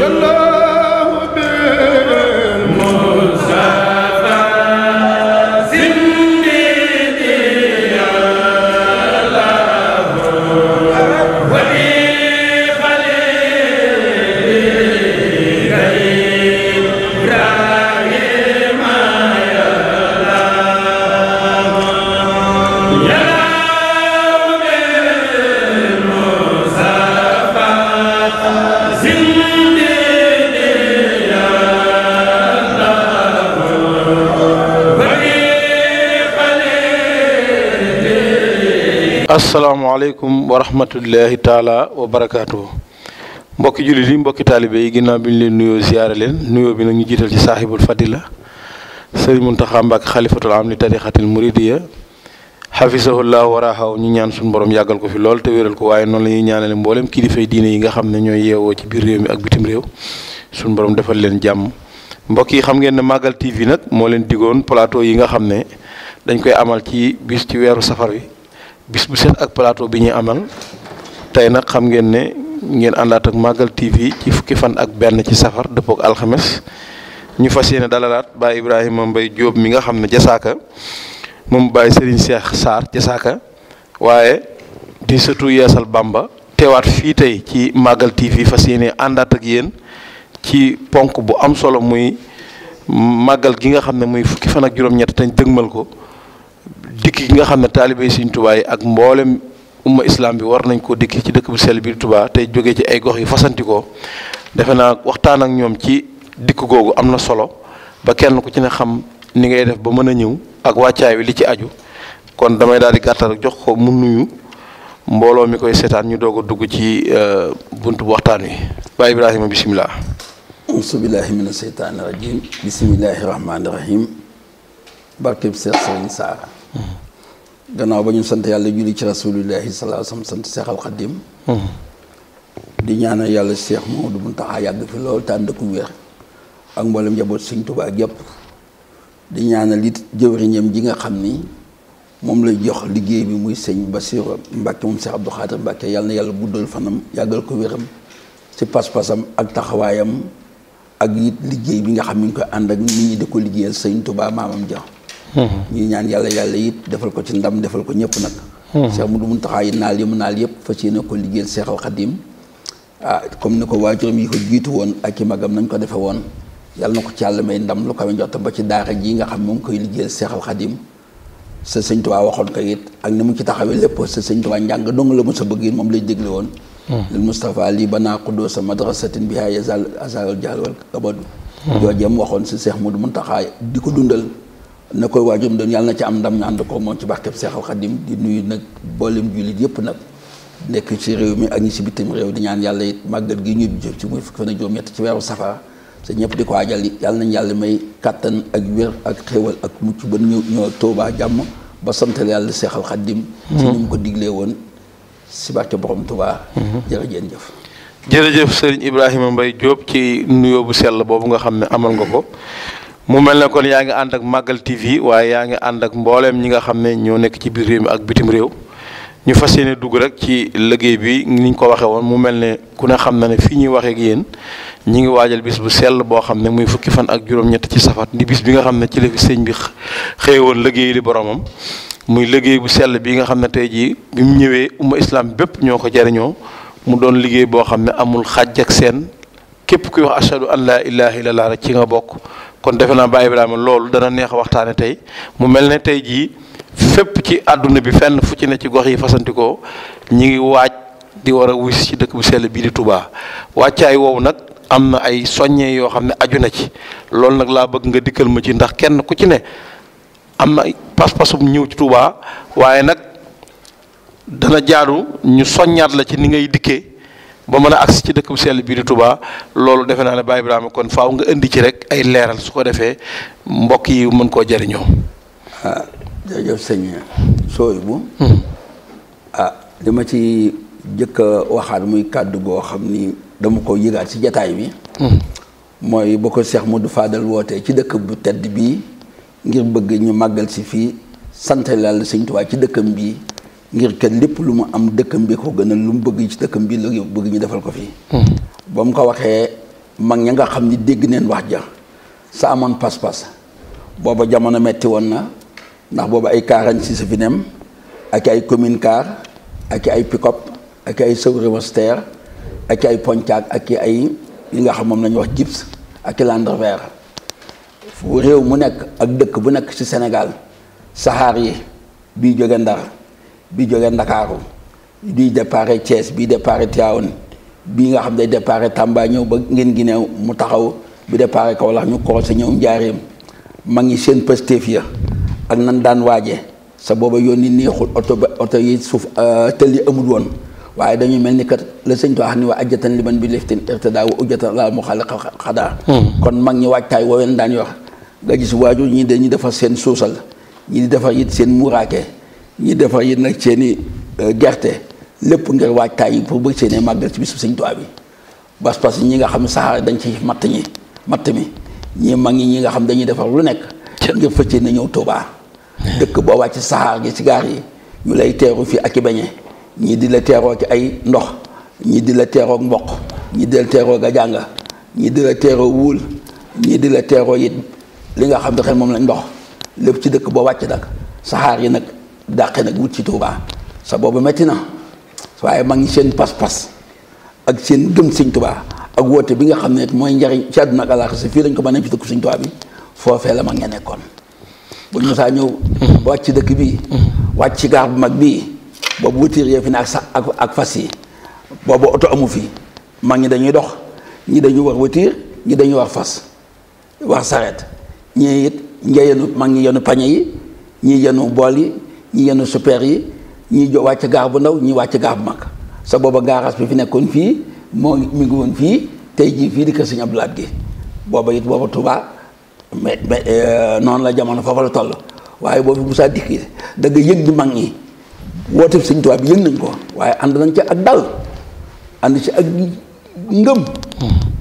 Your asalaamaaleykum wa rahmatullahi taala wa barakaatu mbokki jullit yi mbokki taalibe yi ginnaaw bi ñu leen nuyoo ziyaare leen nuyoo bi nag ñu jiital ci saaxibul fadila sëriñ Muntaxa Mbàkke xalifatul am li tarixatil muridiya xafisahullahu waraaxaw ñu ñaan suñu borom yàggal ko fi lool te wéral ko waaye noonu la ñuy ñaanale mboolem kilifay diine yi nga xam ne ñooy yeewoo ci biir réew mi ak bitim réew suñu borom defal leen jàmm mbokk yi xam ngeen ne Magal TV nag moo leen digoon plateau yi nga xam ne dañ koy amal ci bis ci weeru safar wi bis bu set ak plateau bi ñi amal tay nak xam ngeen ne ngeen andat ak Magal TV ci fukki fan ak ben ci safar dëppook alxames ñu fasiyene dalalat ba ibrahim mom bay job mi nga xamne ne mom bay Serigne Cheikh sar jassaka waye di setu yeesal Bamba tewat fi tay ci Magal TV fasiyene andat ak yeen ci ponk bu am solo muy magal gi nga xamne ne muy fukki fan ak juroom ñet tañ deggmal ko dikki gi nga xamne talibé seigne touba yi ak mboolem umma islam bi war nañ ko dikki ci dëkk bu sel bi touba tay joggé ci ay gox yi fasantikoo defe naa waxtaan ak ñom ci dikk gogu amna solo ba kenn ku ci ne xam ni ngay def ba mëna ñew ak waccay wi li ci aju kon damay daal di gattal jox ko mu nuyu mbolo mi koy seetaan ñu doog dugg ci euh, buntu waxtaan wi ba Ibrahima bismillah auzu billaahi mina rajim bismillahir rahmanir rahim rahiim barkeb Seex Mm-hmm. gannaaw ba ñu sant yàlla julli ci rasulillahi salaa sam sant seexal xaddim mm-hmm. di ñaanal yàlla seex Mamadu Muntaxa yàgg fi lool te ànd ak wér ak mboolem njaboot Sëñ Tuubaa gépp di ñaanal it jëwriñam ji nga xam ni moom lay jox liggéey bi muy sëñ Basiru Mbàkke moom Seex Abdu Xaadir Mbàkke yàlla na yàlla guddal fanam yàggal ko wéram ci pas-pasam ak taxawaayam ak it liggéey bi nga xam ni ñu koy ànd ak nit ñi di ko liggéeyal sëñ Tuubaa maamam ja ñuy ñaan yàlla yàlla it defal ko ci ndam defal ko ñëpp nag hmm. Cheikh Moudou Mountakha yi naal yi mu naal yëpp fas yéene ko liggéeyal Cheikhal Khadim ah comme ni ko waajuram yi ko jiitu woon ak i magam nañ ko defe woon yàlla na ko ci yàlla may ndam lu kawe njottam ba ci daara ji nga xam moom koy sa sëñ Tuubaa waxoon ko it ak ni mu ci taxawee lépp sa sëñ Tuubaa njàng dong la mos a bëgg moom lay dégle woon hmm. lil Moustapha lii banaa xuddoo sa madrasatin bihaa yazal azal jaal wal abadu hmm. joojee mu waxoon si na koy waajum doon yàlla na ci am ndam ñu ànd ko moom ci barkeb Seexal Xadim di nuyu nag boolem jullit yëpp nag nekk ci réew mi ak ñi si bitim réew di ñaan yàlla it gi ñu jëm ci muy fukki fan ak ci weeru safar te ñëpp di ko waajal yàlla nañ yàlla may kàttan ak wér ak xéewal ak mucc ba ñëw ñëw Tuubaa jàmm ba santal yàlla Seexal Xadim ci ni ko digle woon si barke borom Tuubaa jërëjëf jëf jërëjëf sëriñ Ibrahima Mbaye Diop ci nuyoo bu sell boobu nga xam ne amal nga ko mu mel ne kon yaa ngi ànd ak Magal TV waaye yaa ngi ànd ak mbooleem ñi nga xam ne ñoo nekk ci biir réew mi ak bitim réew ñu fas yéene dugg rek ci liggéey bi ni ko waxee woon mu mel ne ku ne xam na ne fii ñuy waxee ak yéen ñi ngi waajal bis bu sell boo xam ne muy fukki fan ak juróom-ñett ci safar di bis bi nga xam ne ci la bi xëy woon liggéey boromam muy liggéey bu sell bi nga xam ne tey jii bi mu ñëwee umma islam bépp ñoo ko jariñoo mu doon liggéey boo xam ne amul xàjj ak seen képp kuy wax ashadu an laa ilaaha ci nga bokk kon defe naa Baye Ibrahima loolu dana neex a waxtaane tey mu mel ne tey jii fépp ci àdduna bi fenn fu ci ne ci gox yi fasantikoo ñi ngi waaj di war a wis ci dëkk bu sell bii di Touba wàccaay woowu nag am na ay soññee yoo xam ne aju na ci loolu nag laa bëgg nga dikkal ma ci ndax kenn ku ci ne am na pas-pasum ñëw ci Touba waaye nag dana jaadu ñu soññaat la ci ni ngay dikkee ba mën a agsi ci dëkk bu sell bii di Touba loolu defe naa ne Baye Ibrahima kon faaw nga indi ci rek ay leeral su ko defee mbokk yi mën koo jariñoo ah jërëjëf sooy bu hmm. ah li ma ci jëkk a waxaat muy kàddu goo xam ni dama ko yëgaat ci jataay bi hmm. mooy ba ko Cheikh Modou Fadal wootee ci dëkk bu tedd bii ngir bëgg ñu màggal si fii sant lal sëñ Touba ci dëkkam bii ngir ke lepp lu am dekkam bi ko gënal lu mu bëgg ci dekkam bi la bëgg ñu defal ko fi hmm. bam ko mag ña nga dégg neen wax ja sa amone pas-pas booba jamono metti won na ndax booba ay kaaran si sa fi nem ak ay commune car ak ay pick-up ak ay sëw rewester ak ay pontiac ak ay yi nga xam mom lañ wax gips ak Land Rover fu rew mu nek ak dekk bu nek ci Sénégal sahar yi bi Ndar bi jógee Ndakaaru di départ Thiès bi départ Tivaouane bi nga xam day départ Tamba ñëw ba ngeen gineew mu taxaw bi départ Kaolack ñu croisé ñëw njaareem ma ngi seen Pastef ya ak nan daan waaje sa booba yoon ni neexul oto ba oto yi suuf euh, tëlli amul woon waaye dañu mel ni kat la sëñ Tuubaa xam ni waa ajjatan liman bi leftin irtidaa wa ujjatan laa mu xale xadaa hmm. kon mag ñi waajtaay wooween daan yor nga gis waajur ñi dañuy defar seen suusal ñi di seen muuraake ñi defar yi nag seeni euh, gerte lépp ngir waajtaay yi pour bëgg seeni màggal ci bisu sëñ Tuubaa bi bas bas ñi nga xam saxaar dañ ci matt ñi matt mi ñi mag ñi ñi nga xam dañuy defar lu nekk ngir fëccee na ñëw Tuubaa dëkk boo wàcc saxaar gi ci gaar yi ñu lay teeru fii ak i beñe ñii di la teeroo ci ay ndox ñii di la teeroo mboq ñi di la teeroo gajànga ñii di la teeroo wuul ñii di la teeroo it li nga xam ne xel moom lañ ndox lépp ci dëkk boo wàcc nag saxaar yi nag dàqe nag wut ci Tuubaa sa boobu metti na waaye mag ñi seen pas-pas ak seen gëm sëñ Tuubaa ak woote bi nga xam ne mooy njariñ ci àdduna ak àllaaxira fii lañ ko mën a ci dëkk sëñ Tuubaa bi la mag ña nekkoon bu ñu saa ñëw ba wàcc dëkk bii wàcc ci gaar bu mag bii boobu wutiir yee fi ne ak sa ak fas yi boobu oto amu fi mag ñi dañuy dox ñi dañuy war wutiir ñi dañuy wax fas wax sareet ñii it nga yenu mag ñi yenu pañe yi ñii yenu bool yi ñi yenn super yi ñi wàcc gaa bu ndaw ñi wàcc gaar bu mag sa booba gaaraas bi fi nekkoon fii moo mi ngi woon fii tey jii fii di kër sëñ Abdou Lahad gi booba it booba Touba mais euh, noonu la jamono foofu la toll waaye boobu Moussa dikki da nga yëg di mag ñi woote sëñ Touba bi yëg nañ ko waaye ànd nañ ci ak dal ànd ci ak ngëm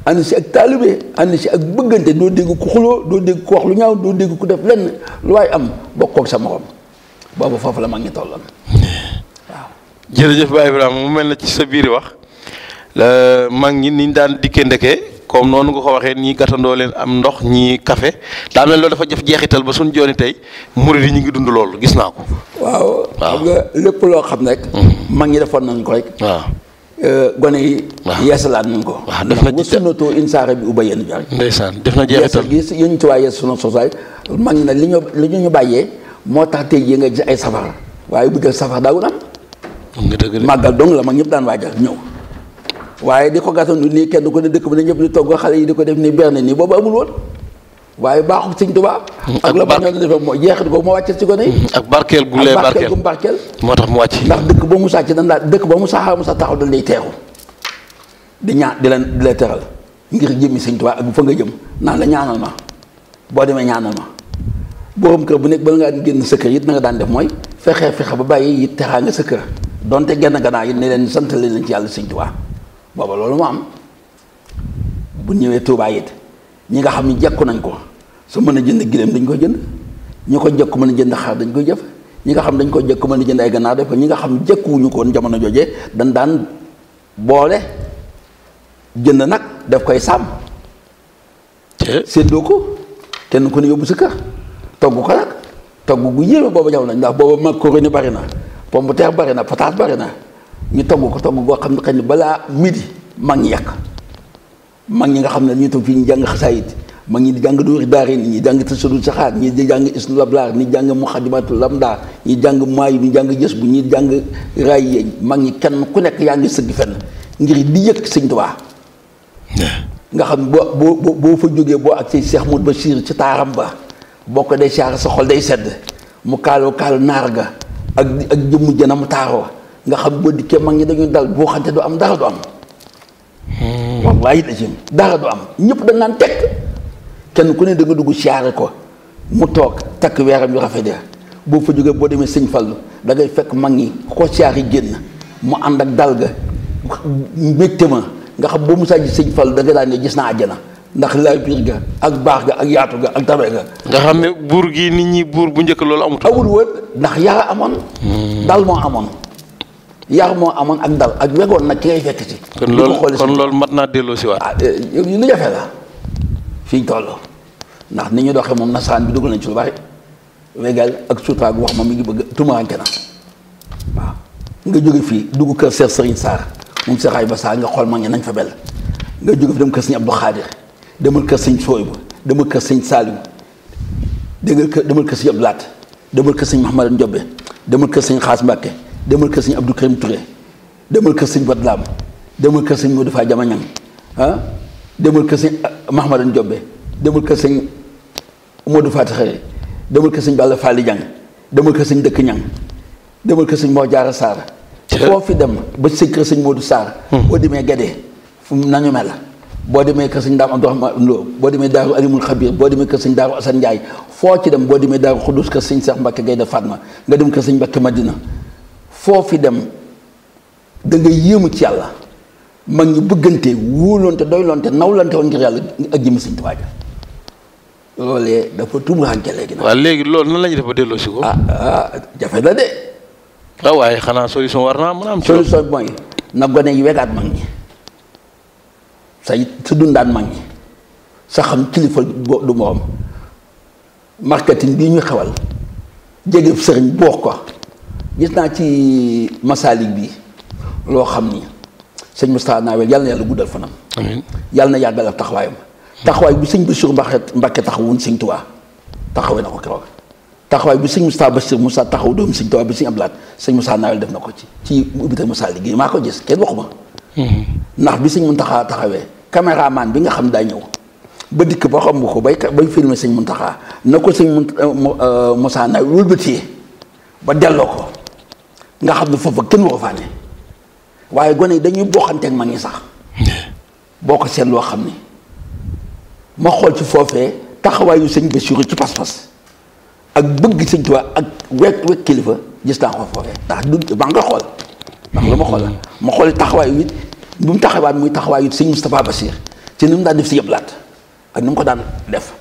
ànd si ak taalibe ànd si ak bëggante doo dégg ku xuloo doo dégg ku wax lu ñaaw doo dégg ku def lenn lu waay am bokkoog sa morom boobu foofu la mag ñi tolloon waaw. jërëjëf Baye Ibrahima mu mel na ci sa biir wax la mag ñi niñ daan dikkee ndeke comme noonu nga ko waxee ñii gàttandoo leen am ndox ñii kafe daa mel loolu dafa jëf jeexital ba suñ jooni tey murid yi ñu ngi dund loolu gis naa ko. waaw xam nga lépp loo xam rek. Mm-hmm. mag ñi defoon nañ ko rek. waaw. Euh, gone yi. waaw yeesalaat nañ ko. waaw def na ci sunnatoo insaara bi ubba yenn bi rek. def na jeexital yeesal gi yéen ci waa yees sunu sosaay mag ñi nag li ñu ñu bàyyee. moo tax tey jii nga gis ay safar waaye bu dee safar daawul am. màggal dong la mag ñëpp daan waajal ñëw. waaye di ko gàttandu nii kenn ko ne dëkk bi ne ñëpp di togg xale yi di ko def nii berne nii boobu amul woon waaye baaxul sëñ Tuubaa hmm, ak la ba ñoo defee moo jeexit ko moo wàccel ci gone yi hmm, ak barkeel gu lee barkeel gu mu barkeel moo tax mu wàcc ndax dëkk ba mu sàcc dañ laa dëkk ba mu saxaa mu sax taxaw dañ lay teexu di ñaan di la di la teral ngir jëmmi sëñ Tuubaa ak bu fa nga jëm naan la ñaanal ma boo demee ñaanal ma boroom kër bu nekk bala ngaa génn sa kër it na nga daan def mooy fexe fexe ba bàyyi te xaa nga sa kër donte genn gannaaw it ne leen sant leen ci yàlla sëñ Tuubaa booba loolu moo am bu ñëwee Tuubaa yit ñi nga xam ne jekku nañ ko su mën a jënd gileem dañ ko jënd ñi ko jekku mën a jënd dañ koy jëf ñi nga xam dañ ko jekku mën a jënd ay gannaaw ko ñi nga xam jekkuwuñu ko woon jamono joojee dañ daan boole jënd nag daf koy sàmm séddoo ko kenn ko ne yóbbu sa kër togu ko togu gu yéeme boobu jawna ndax ndax boobu macaroni bari na pomme de terre bari na patate bari na ñu togg ko togu go xamni xani bala midi mag ñi yàq mag ñi nga xamni ne ñu fi fii ñu jàng mag ñi di jàng duuri daarin ñi jang tasadul saxaar ñi di jang isnu lablaar ñi jang muhaddimatul lamda ñi jang maayu ñi jang jës bu ñi jang ray yeñ mag ñi kenn ku nek yaangi seug sëgg fenn ngir di yek sëñ tubaa nga xam bo bo bo fa joge bo ak say cheikh mut bachir ci taram ba boko ko dee sa xol day sedd mu kalu kal naar ga ak ak jëmmu jëna mu taaroo nga xam bo dikke mag dal bo xante do am dara do am hmm. wallahi lajim dara do am ñepp da naan tek kenn ku ne da nga duggu siyaare ko mu tok tak wéram yu rafa ya bo fa jógee bo demee seigne fallu da ngay fekk mag ñi ko yi genn mu and ak dal ga nga xam bo mu sajj seigne fallu da nga gis na aljana ndax lay biir ga ak baax ga ak yaatu ga ak tabe ga. nga xam ne buur gi nit ñi buur bu njëkk loolu amut. amul woon ndax yara amoon. Hmm. dal moo amoon. yar moo amoon ak dal ak wegoon nag ki ngay fekk ci. kon loolu kon loolu mat naa delloo si waat. ah eh, lu jafe la fii toll ndax ni ñu doxee moom nasaraan bi dugg nañ ci lu bari wegal ak sutura gu wax ma mi ngi bëgg tumaranke na waaw nga jóge fii dugg kër Seex Sëriñ Saar moom Seex ba Saar nga xool ma ngi nañ fa bel nga jóge fi dem kër Sëriñ Abdou Xaadir demal kër sëñ Soybu demal kër sëñ Saaliw dégg nga demal kër sëñ Abdou Lahat demal kër sëñ Mahamadu Njobe demal kër sëñ Xaas Mbàkke demal kër sëñ Abdou Karim Touré demal kër sëñ Badlam demal kër sëñ Modou Fa Jamañang ah demal kër sëñ Mahamadu Njobe demal kër sëñ Modou Fa Taxare demal kër sëñ Balla Faali Jang demal kër sëñ Dëkk Ñang demal kër sëñ Mor Jaara Saar foo fi dem ba sëñ kër sëñ Modou Saar boo demee Gédé fu nañu mel la boo demee kër sëñ Daam Abdourahmane Lo boo demee daaru alimul xabir boo demee kër sëñ daaru Assane Ndiaye foo ci dem boo demee daaru xudus kër sëñ Seex Mbàkke Gaynde Fatma nga dem kër sëñ Mbàkke Madina foo fi dem da nga yéemu ci yàlla mag ñi bëggante wóolonte doylonte nawlante woon ngir yàlla ak jëmi sëñ Tuubaa loolee dafa tumuraanke léegi nag. waaw léegi loolu nan la ñuy def ba delloo si ko. ah ah jafe la de. waaw ah, waaye xanaa solution war naa mën a am. solution bi mooy na gone yi wegaat mag ñi. sa su dundaan mag ñi sa xam kilifa du moom marketing bii ñu xewal jege sëriñ boo ko gis naa ci masaalik bi loo xam ni sëñ Moustapha Nawel yàlla na yàlla guddal fanam. yàlla na yàggal ak taxawaayam. taxawaay bi sëñ Bassirou ba Mbacké taxawoon sëñ na ko keroog taxawaay bu sëñ Moustapha taxaw doomu sëñ Tuubaa bi sëñ Ablaat sëñ Moustapha Nawel def na ko ci ci ubbite masaalik gi maa ko gis kenn waxuma. ndax bi sëñ Mountakha taxawee. caméraman bi nga xam daa ñëw ba dikk ba xam ko bay bay sañ sëñ Muntaxa na ko sëñ euh, euh, Moussa na wëlbatee ba delloo ko nga xam ne foofa kenn woo faa waaye gone yi dañuy bokkanteeg mag ñi sax boo ko seet loo xam ni ma xool ci foofee taxawaayu sëñ Bassirou ci pas-pas ak bëgg sëñ Tuubaa ak wekk wekk kilifa gis naa ko foofee ndax du maa nga xool ndax la ma xool ma xool taxawaayu it bu mu taxawaay muy taxawaayu sëñ Moustapha Bachir ci ni mu daan def si yëpp ak ni mu ko daan def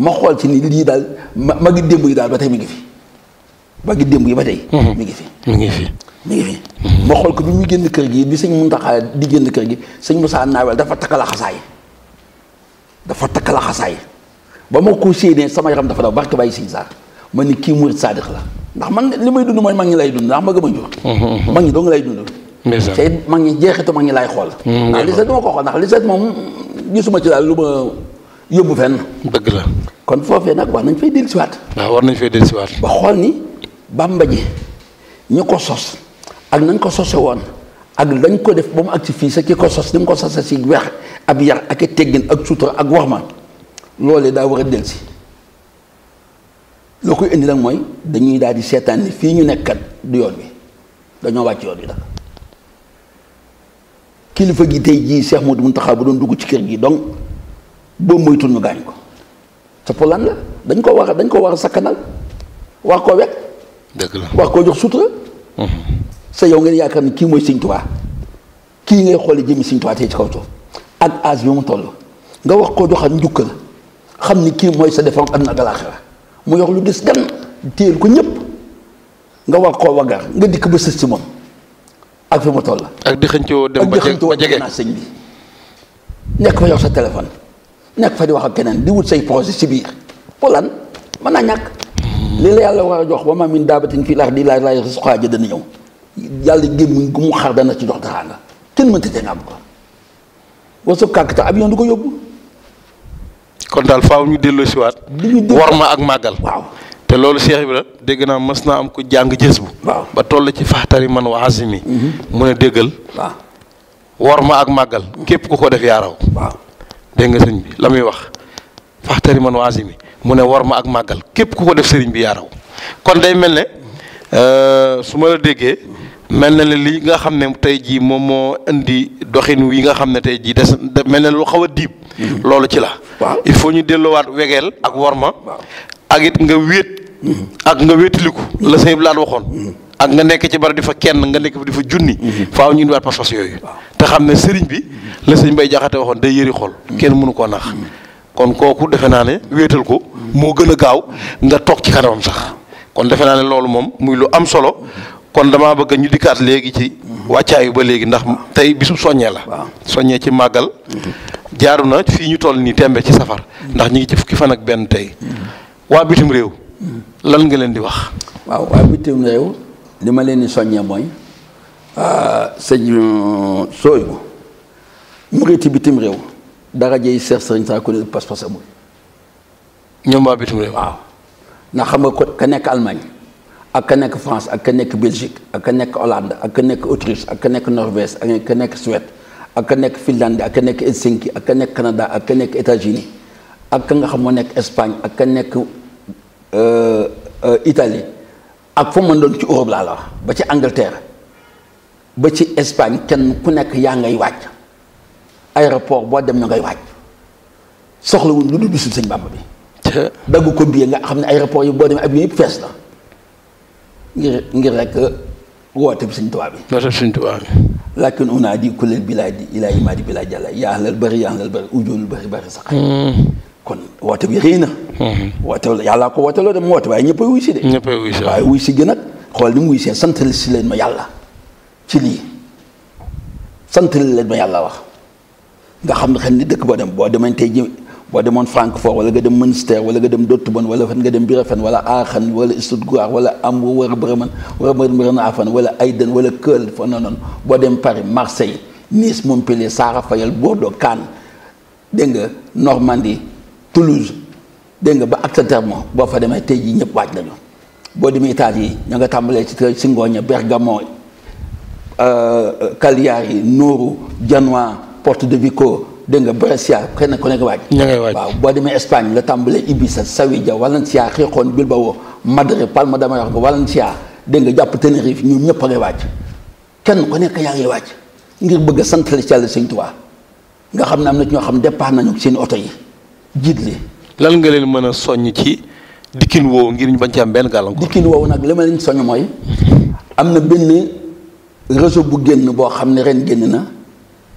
ma xool ci ni lii daal ma ma ngi démb yi daal ba tey mi ngi fi ba ngi démb yi ba tey. Mhm. mi ngi fi mu ngi fi. mi ngi fi. Mhm. ma xool ko bi muy génn kër gi bi sëñ Mountakha di génn kër gi sëñ Moussa Nawel dafa takkal a xasaay dafa takkal a xasaay ba ma ko séenee sama yaram dafa daw barke bàyyi sëñ Saar ma ni kii murit saadix la ndax man li may dund mooy mag ñi lay dund ndax ma gëm a jur. Mhm. mag ñi doo te it mag ñi jeexitu mag ñi laay xool mm, ndax li sa du ma ko xool ndax li seet moom gisuma ci daal lu ma yóbbu fenn dëgg la kon foofee nag war nañ fay dellusiwaat waaw war nañ fay dellusiwaat ba xool ni bàmba ji ñu ko sos ak nañ ko sose woon ak dañ ko def ba mu ak ci fii sa ci ko sos ni mu ko sose si weex ab yar ak i teggin ak sutura ak wax ma loolee daa war a si loo koy indi nag mooy dañuy daal di seetaan ni fii ñu nekkat du yoon bi dañoo wàcc yoon bi nag kilifa gi tey jii du Modou Mountakha bu doon dugg ci kër gi donc boobu moytul ñu gaañ ko sa polan la dañ koo wax dañ koo war a sakkanal wax koo wekk dëgg la wax koo jox sutura mhm. sa yow ngeen yaakaar ni kii mooy Sëñ Tuubaa kii ngay xoole jëmi Sëñ ci kaw ak âge bi mu toll nga wax koo joxal njukkal xam ni kii mooy sa défense am na ak alaaxira mu yox lu des gan téyel ko ñëpp nga wax koo waggar nga dikk ba sës si moom ak fi mu toll. ak di xëncoo dem ba jege ak sëñ bi. nekk fa yow sa téléphone nekk fa di wax a keneen di wut say projet si biir pour lan mën naa ñàkk. lii la yàlla war a jox wa maa min daabatin di laa illaa alaa rizquhaa dana ñëw yàlla gémmiñ gu mu xar dana ci jox dara nga kenn mënta te nga am ko wasuf kàkkata avion du ko yóbbu. kon daal faaw ñu delloosiwaat. li ñu war ma ak màggal te loolu bi la dégg naa mas naa am ko jàng jës bu ba toll ci faxtari man wa azimi mhm. mu ne déggal war ma ak màggal mhm. képp ku ko def yaaraw dégg nga sëñ bi la muy wax faxtari man wa azimi mu ne war ma ak màggal képp ku ko def sëriñ bi yaaraw kon day mel ne euh, su ma déggee mel na ne li nga xam ne tey jii moom moo indi doxin wi nga xam ne tey jii des mel na lu xaw a diib mhm. loolu ci la il faut ñu delluwaat wegeel ak wor ma ak nga wéet ak nga wéetiliku la sëñ bi waxoon ak nga nekk ci barab di fa kenn nga nekk di fa junni faaw ñu indiwaat pas-pas yooyu te xam ne sëriñ bi la bay jaxate waxoon day yëri xol kenn mënu koo nax kon kooku defe naa ne wéetal ko moo gën a gaaw nga toog ci kanamam sax kon defe naa ne loolu moom muy lu am solo kon dama bëgg a ñu dikkaat léegi ci wàccaayu ba léegi ndax tey bisu soññee la soññee ci màggal jaaru na fii ñu toll nii tembe ci safar ndax ñu ngi ci fukki fan ak benn tey waa bitim réew. lan nga leen di wax. waaw waa bitim réew li ma leen di soññee mooy sëñ sooy bu mu ngi ci bitim réew dara jëy seex sëriñ saa ku ne pas-pas amul. ñoom waa bitim réew. waaw ndax xam nga ko ka nekk Allemagne ak ka nekk France ak ka nekk Belgique ak ka nekk Hollande ak ka nekk Autriche ak ka nekk Norvège ak ka nekk Suède ak ka nekk Finlande ak ka nekk Helsinki ak ka nekk Canada ak ka nekk états ak ka nga xam moo nekk Espagne ak ka nekk. Euh, euh, Italie ak fa mën doon ci Europe laa la ba ci Angleterre ba ci Espagne kenn ku nekk yaa ngay wàcc aéroport boo dem na ngay wàcc soxlawuñ lu du si sëñ Bàmba bi dagg ko biir nga xam ne aéroport yi boo demee avion yëpp fees na ngir ngir rek euh, woote bi sëñ Tuubaa bi woote bi sëñ Tuubaa bi lakin unaa di kuleel bilaa di ilaa yi maa di bilaa jàlla yaa lal bëri yaa lal bëri ujoolul bëri bëri sax kon woote bi rëy na. Mhm. woote yàllaa ko woote loo dem woote waaye ñëppay wuy si de. ñëppay si waaye wuy si gi nag xool ni mu wuy see santal si leen ma yàlla ci lii santal leen ma yàlla wax nga xam ne xel ni dëkk boo dem boo demee tey ji boo demoon Francfort wala nga dem Münster wala nga dem Dortmund wala fan nga dem birafen wala Aachen wala Stuttgart wala Hambourg wala Bremen wala Bremerhaven wala Aydin wala Köln fa noonu boo dem Paris Marseille Nice Montpellier Saara Fayal Bordeaux Cannes dégg nga Normandie. Toulouse dégg nga ba acte terme boo fa demee tey jii ñëpp waaj nañu boo demee Italie yi ña nga tàmbalee ci si Ngogna Bergamo euh, euh, Cagliari Nuoro Genoa Porto de Vico dégg nga Brescia kenn ku nekk waaj. ña ngay waaj waaw boo demee Espagne la tàmbalee Ibiza Sevilla Valencia Gijón Bilbao Madrid Palma de Mallorca Valencia dégg nga jàpp Tenerife ñun ñëpp a ngay kenn ku nekk yaa ngi waaj ngir bëgg a sant la ci nga xam ne am na ñoo xam deppaa nañu seen oto yi. Jidli. li lan nga leen mën a soññ ci dikkin woowu ngir ñu bañ ci am benn gàllankoor dikkin woowu nag li ma leen soññ mooy am réseau bu ren génn na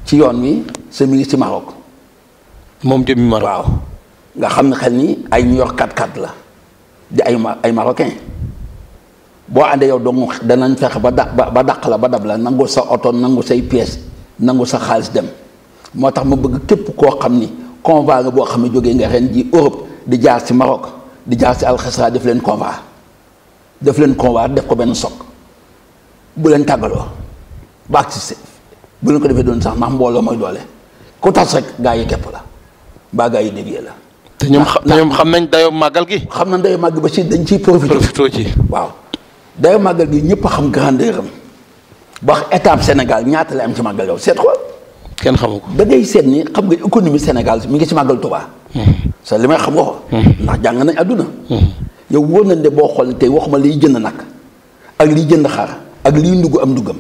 ci yoon wi sa mi ngi ci Maroc moom Maroc waaw nga xam xel ni ay New York 4 4 la di ay ay marocain boo àndee yow dong danañ fexe ba da ba dàq la ba dab la nangu sa oto nangu say nangu sa dem ma bëgg convoi la boo xam ne jógee nga ren ji Europe di jaar ci Maroc di jaar ci Alxesra def leen convoi def leen convoi def ko benn soq bu leen tàggaloo baax ci bu leen ko defee doon sax ndax mbooloo mooy doole ku tas rek gaa yi képp la mbaa gaa yi dévié la. te ñoom ñoom xam nañ dayoo màggal gi. xam nañ dayoo màggal ba si dañ ciy profité. profité ci waaw. dayoo màggal gi ñëpp a xam grandeur am ba wax étape Sénégal ñaata la am ci màggal yow seet xool. kenn xamu ko da ngay seet ni xam nga économie Sénégal ngi ci màggal Tuubaa hmm. li may xam nga ko hmm. ndax àdduna hmm. yow wóor nañ de boo xool tey waxuma liy jënd nag ak liy jënd xaar ak liy ndugg am nduggam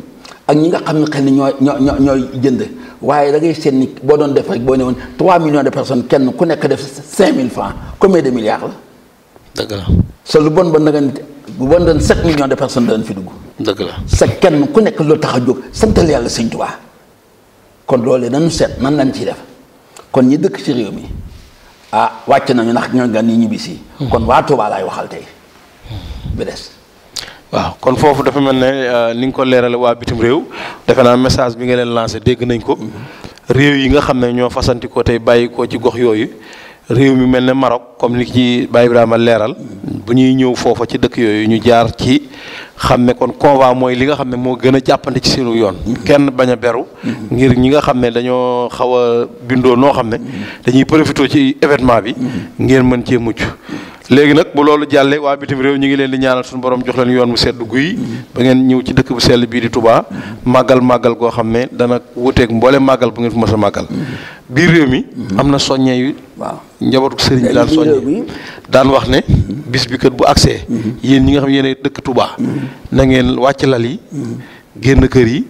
ak ñi nga xam ne xel ni ñoo ñoo ñoo ñooy da ngay seet boo doon def rek boo ne woon trois millions de personnes kenn ku nekk def cinq mille francs combien de milliards la dëgg la sa lu bon bon na nga bu bon doon sept millions de personnes danañ fi dugg dëgg la sa kenn ku nekk loolu tax a jóg santal yàlla sëñ Tuubaa kon loolee nañu seet man lañ ciy def kon ñi dëkk ci réew mi ah wàcc nañu ndax ñoo gan yi ñibbisi hmm. kon waa Touba laay waxal tey hmm. bi des waaw kon foofu dafa mel ne euh, ni nga ko leerale waa bitim réew defe naa message bi nga leen lancé dégg nañ ko hmm. réew yi nga xam ne ñoo fasanti ko tey bàyyi ko ci gox yooyu réew mi mel ne Maroc comme li ci Baye Ibrahima leeral bu ñuy ñëw foofa ci dëkk yooyu ñu jaar ci xam ne kon convoi mooy li nga xam ne moo gën a jàppante ci seenu yoon kenn bañ a beru ngir ñi nga xam ne dañoo xaw a bindoo noo xam ne dañuy profité ci événement bi ngeen mën cee mucc léegi nag bu loolu jàllee waa bitim réew ñu ngi leen di ñaanal suñu borom jox leen yoon mu sedd guy ba ngeen ñëw ci dëkk bu sell bii di tubaa màggal màggal goo xam ne dana wuteeg mboole màggal bu ngeen fi mës màggal biir réew mi. Mhm. am na soññee njabootu sëriñ bi daan soññee daan wax ne. Mhm. bis bi kër bu accès mhm. yéen ñi nga xam yéen dëkk Touba. na ngeen wàcc lal yi. génn kër yi.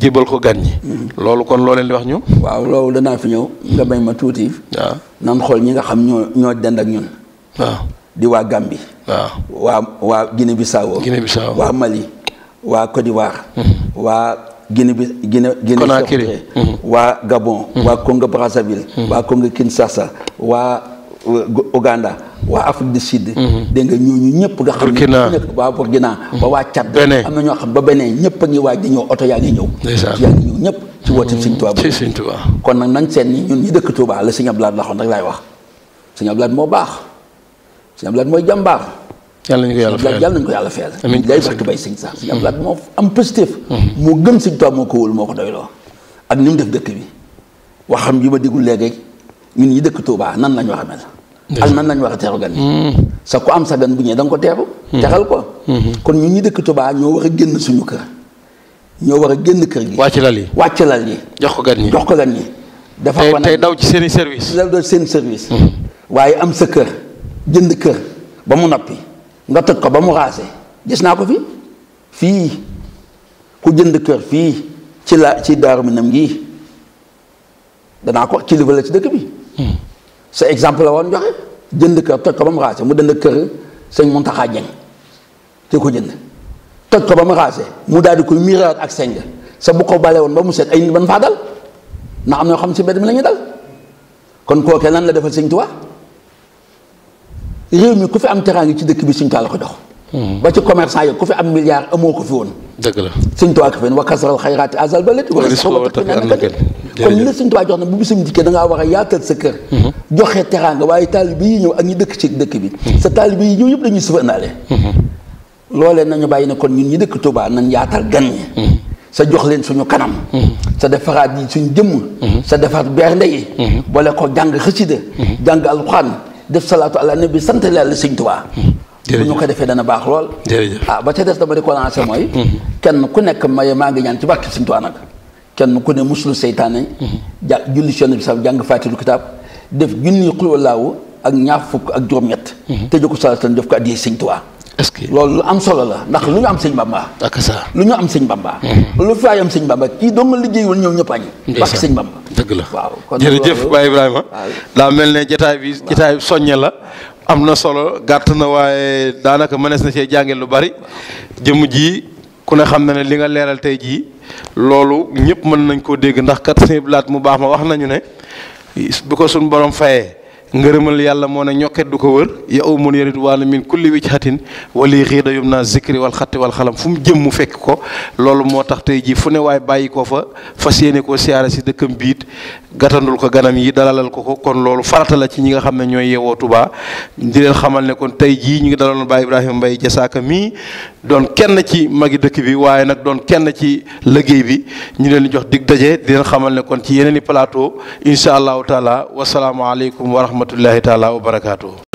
jébal ko gan ñi. loolu kon loo leen di wax ñu. waaw loolu danaa fi ñëw nga bañ ma tuuti. waaw nan xool ñi nga xam ñoo ñoo dend ak ñun. waaw di waa Gambie. waaw waa waa Guinée Bissau. Guinée Bissau waa Mali. waa Côte waa Guinée bi Guinée Guinée Conakry mhm. waa Gabon mhm. waa Congo Brazzaville mhm. waa Congo Kinshasa waa Ouganda euh, waa Afrique du Sud dégg nga ñooñu ñëpp nga xam ne nekk waa Burkina ba waa Tchad am na ñoo xam ba beneen ñëpp a ngi waaj di ñëw oto yaa ngi ñëw yaa ngi ñëw ñëpp ci woote Sëñ Tuubaa ci Sëñ Tuubaa kon nag nañ seet ni ñun ñi dëkk Tuubaa la Sëñ la xoon rek laay wax Sëñ mooy jàmbaar yàlla nañu ko yàlla fayal yàlla nañu ko yàlla fayal. amiin day barke bay sëñ sax. yàlla moo am positif. moo gëm sëñ Tuubaa moo ko wóolu moo ko doyloo. ni mu def dëkk bi waxam yi ma déglu léegi ñun ñi dëkk Touba nan la ñu wax mel. ak nan la ñu war a teeru gan mm. am sa gan bu ñëwee da ko teeru. teral mm-hmm. ko. Mm-hmm. kon ñun ñi dëkk Touba ñoo war a génn suñu ñoo war a génn kër gi. wàcc lal yi wàcc jox ko gan ñi jox ko gan ñi. dafa ko tey ci seen i service. daw seen service. Mm-hmm. waaye am sa kër ba mu noppi nga tëj ko ba mu raase gis naa ko fi fii ku jënd kër fii ci la ci daaru nam gii danaa ko kilifa la ci dëkk bi hmm. sa exemple la woon joxe jënd kër toj ko ba mu raase mu dënd kër sëñ Muntaxa Jeng te ko jënd toj ko ba mu mu daal di koy miiraat ak sëñ sa bu ko bale woon ba mu set ay nit ban faa dal ndax am na yoo xam si mbedd mi la dal kon kookee lan la defal sëñ Tuubaa réew mi ku fi am teraanga ci dëkk bi suñ taal ko jox. Hmm. ba ci commerçant yi ku fi am milliard amoo ko fi woon. dëgg la suñ tuwaa ko fi wa kasral xayraati azal ba létt na bu a yaatal sa kër hmm. joxe teraanga waaye taalibe yi hmm. sa taalibe yi ñëw yëpp dañuy sufandaale sa jox leen suñu kanam sa defaraat yi suñ jëmm sa defar bernde yi boole ko jàng xasida jàng alxuraan def salaatu ala nabi sant yàlla sëñ Tuubaa hmm. bu ñu ko defee dana baax lool ah ba ca des dama di ko lancé hmm. mooy hmm. kenn ku nekk may maa ngi ñaan ci barke sëñ Tuubaa nag kenn ku ne muslu seytaane ja julli si yonent bi sam jàng faatilu kitaab def junni xulwalaawu ak ñaar fukk ak juróom-ñett te jëkko salaatu ala def ko addiyee sëñ Tuubaa est-ce que loolu lu am solo la ndax lu ñu am sëñ Bamba. ak ça lu ñu am sëñ Bamba. Mhm. lu fi am sëñ Bamba kii dong liggéey woon ñëw ñëpp añ. parce que sëñ Bamba. dëgg la waaw kon jërëjëf Baye Ibrahima. daa mel ne jotaay bi jotaay bi soññe la. am na solo gàtt na waaye daanaka mënees na cee jànge lu bari jëmm ji ku ne xam na ne li nga leeral tey jii loolu ñëpp mën nañ koo dégg ndax kat sëñ Blaat mu baax ma wax nañu ne bu ko suñu borom fayee. ngeureumal yàlla mo ne ñokket du ko wër ya umun yarid wal min kulli wijhatin wali xiida yumna zikri wal khat wal khalam fum jëm mu fekk ko lolu motax tay ji fune way bayiko fa fasiyene ko siara ci dekkum biit gatandul ko ganam yi dalalal ko ko kon loolu farata ci ñi nga xam ne ñooy yeewoo Touba di leen xamal ne kon tey jii ñu ngi dalaloon Baye Ibrahima Mbaye Diasaka mii doon kenn ci magi dëkk bi waaye nag doon kenn ci liggéey bi ñu leen jox dig daje di leen xamal ne kon ci yeneen i plateau incha allahu taala wasalaamualeykum wa rahmatullahi taala wa